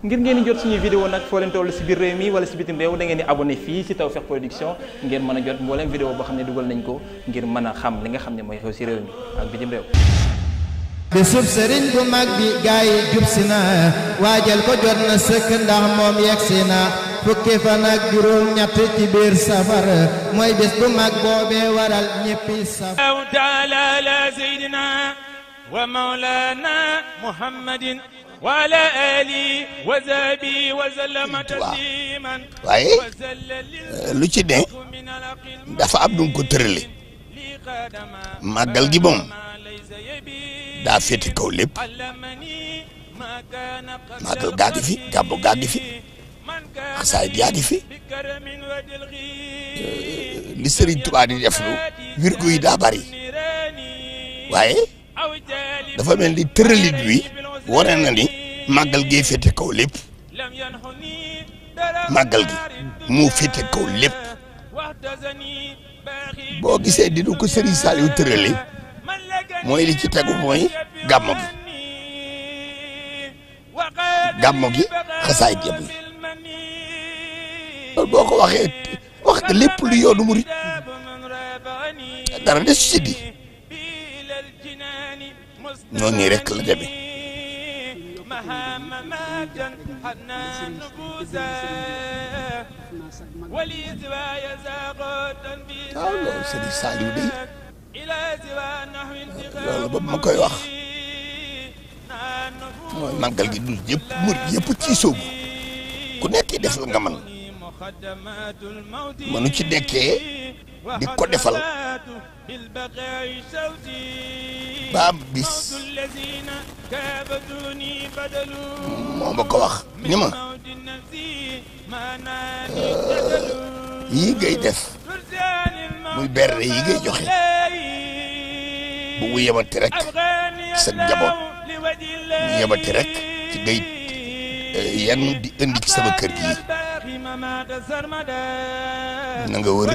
ngir ngeen di jot suñuy vidéo nag foo leen si biir réew mi wala si bitim réew da ngeen di abonné fii si Tawfekh Production ngeen mën a jot mbooleem vidéo boo xam ne dugal nañ ko ngir mën a xam li nga xam ne mooy xew si réew mi ak bitim réew bi suuf bu mag bi gaa yi si na waajal ko jot na sëkk ndax moom yegg na fukki fan ak juróom ñett ci biir safar mooy bés bu mag boobee waral ñëppi safar taala ala seydina wa mawlana muhammadin وعلى آله وصحبه ci ne dafa ab nu ko tërale màggal gi moom daa féete kaw lépp màggal gaa ngi fi gàmmu gaa ngi fi xasaayit di def lu wirgo yi daa bari waaye dafa mel ni tëralin wi wone na màggal gee féete kaw lépp màggal gi moo féete kaw lépp boo gisee di du ko Serigne Saliou tërale mooy li ci tegu mooy gàmmo gi gàmmo gi xasaay jëm la boo ko waxee wax nga lépp lu yoonu murit dara des di noonu rek la demee. لها مماتا حنان نفوسا وليزوايا زاغ تنبيسا loolu Sëriñ Saliou day loolu ba ma koy wax mooy màggal gi dul yëpp mur yëpp ci sóobu ku nekk def la nga man mënu ci nekkee di ko defal ba am bis moo ma ko wax ni ma yii ngay def muy berne yi ngay joxe bu mu yemati rek ci sa njaboot mu yemati rek ci ngay yan di indi ci sama kër gi na nga wër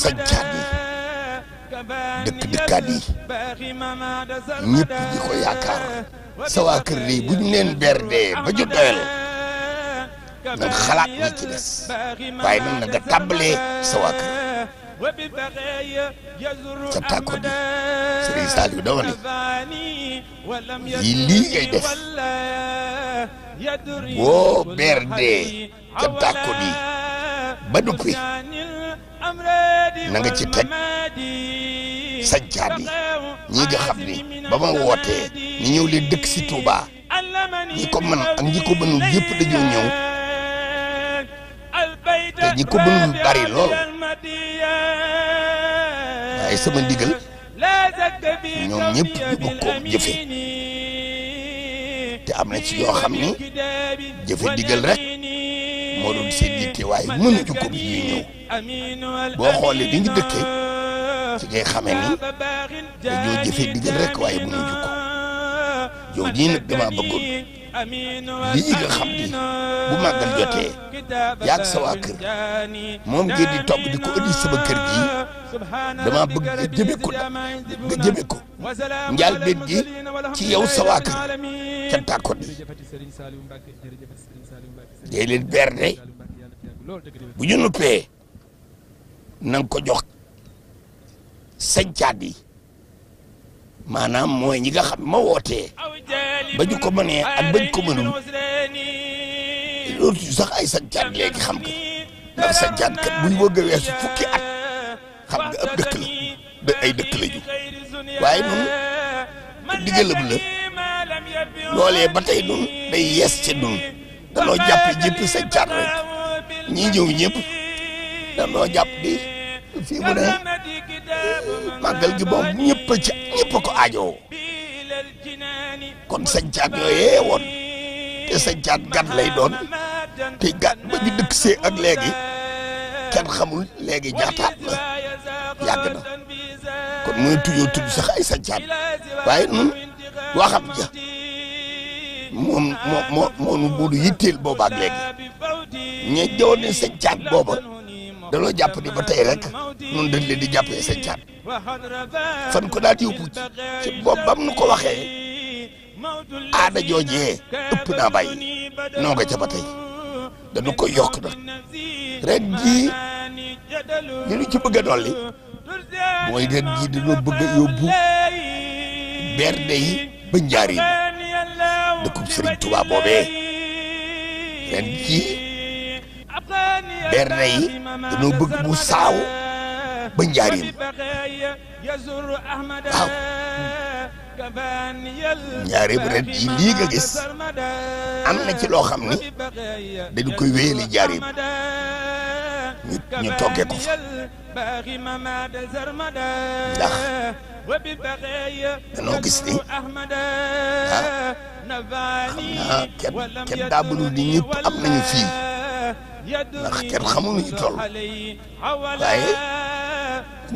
sancaat yi dëkk dëkkaat yi ñëpp di ko yaakaar sa waa kër yi bu ñu leen berdee ba jot doyal nga xalaat ñi ci des waaye nag na nga tàmbalee sa waa kër ca tàkkoot bi Serigne Saliou dama ne yi lii ngay def boo ca tàkkoot bi ba duppi na nga ci teg. sajjaat yi ñi nga ni ba ma wootee ni ñëw leen dëkk si tuuba ñi ko mën ak ñi ko mënul yëpp dañoo ñëw te ñi ko mënul bari lool waaye sama ndigal ñoom ñëpp ñu bëgg koo jëfe te am na ci yoo xam ni jëfe ndigal rek moo doon seen yitte waaye mënuñu ko bi ñuy ñëw boo xoolee ni ñu dëkkee. ci ngay xamee ni dañoo jëfee digal rek waaye bu ñu jukko yow nii nag damaa bëggoon lii xam ni bu màggal jotee yaag sa waa kër moom ngeen di togg di ko ëndi sama kër gii damaa bëgg nga ko nga ko njaal benn gi ci yow sa waa kër ca tàkkoon yi dee leen bu ñu nuppee na nga ko jox sajjaat yi maanaam mooy ñi nga xam ma wootee ba ñu ko mënee ak bañ ko mënul loolu sax ay sajjaat léegi xam nga ndax sajjaat kat buñ bëgg a weesu fukki at xam nga ab dëkk la da ay dëkk la ju waaye nun diggalab la loolee ba tey nun day yees ci nun danoo jàpp jëpp sajjaat rek ñii ñëw ñëpp danoo jàpp di fii mu ne màggal gi moom ñëpp ca ñëpp ko aajoo kon sañcaat yooyee woon te sañcaat gan lay doon te gan ba dëkk see ak léegi kenn xamul léegi ñaataat la yàgg na kon muy tuñoo tudd sax ay sañcaat waaye nun waxam ja moom moo moo moo nu buudu yitteel boobaak léegi ña sañcaat booba danoo jàpp ni ba tey rek nun dañ leen di jàppee seen caat fan ko daal di yóbbu ci boobu bam nu ko waxee aada joojee ëpp naa bàyyi noo nga ca ba tey dañu ko yokk nag ren jii li ñu ci bëgg a dolli mooy ren jii dañoo bëgg yóbbu bernde yi ba njaariñ dëkkub Sëriñ Tuubaa boobee ren jii berne yi dañoo bëgg mu saaw ba njaarim waaw njaarim ret yi lii gis am na ci loo xam ni dañu koy wéyale njaarim ñu ñu toggee ko fa ndax danoo gis ni ah xam naa kenn kenn daa bëgg nit ñëpp am nañu fii. ndax kenn xamul ñu toll waaye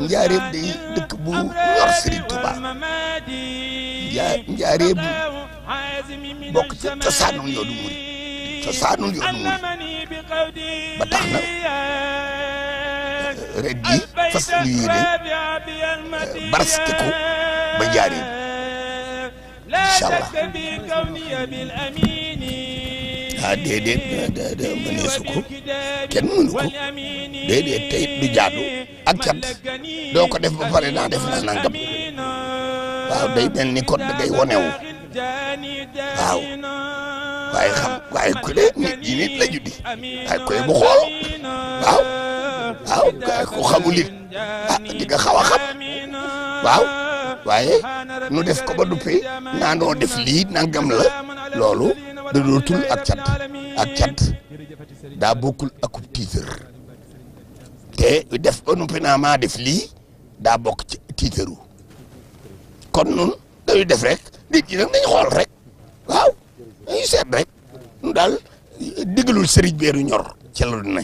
njaareeb day dëkk bu ñor Serigne Touba njaa njaareeb bokk ci cosaanul yoonu murit cosaanul yoonu murit ba tax na ret yi fas lu yéene eh, barske ko ba njaareeb incha allah. ah déedéet mëneesu ko kenn mënu ko déedéet tey du jaadu ak cat doo ko def ba pare naa def na nangam waaw day mel ni kon da ngay waaw waaye ku ne nit yi la ñu di waaye koy bu xool waaw waaw ku xamul it ah di xam waaw waaye nu def ko ba duppee naanoo def lii nangam la loolu. da dootul ak cat ak daa bokkul akub tiitër te def ba noppi naa maa def lii daa bokk ci tiitëru kon nun dañuy def rek nit ñi nag dañu xool rek waaw dañuy seet rek nu daal digalul sëriñ beeru ñor ci ne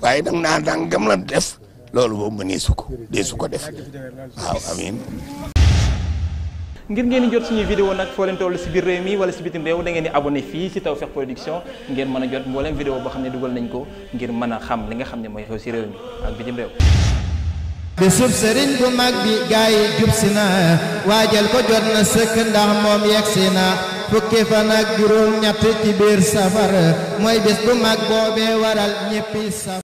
waaye nag naa daan gam la def loolu boobu mënee su ko dee su ko def waaw amiin ngir ngeen jot suñuy vidéo nag foo leen toll si biir réew mi wala si bitim réew da ngeen di abonné fii si Tawfekh Production ngeen mën a jot mboolem vidéo boo xam ne dugal nañ ko ngir mën a xam li nga xam ne mooy xew si réew mi ak bitim réew bésub sëriñ bu mag bi gaa yi jub si na waajal ko jot na sëkk ndax moom yegg si na fukki fan ak juróom ñett ci biir safar mooy bés bu mag boobee waral ñéppi safar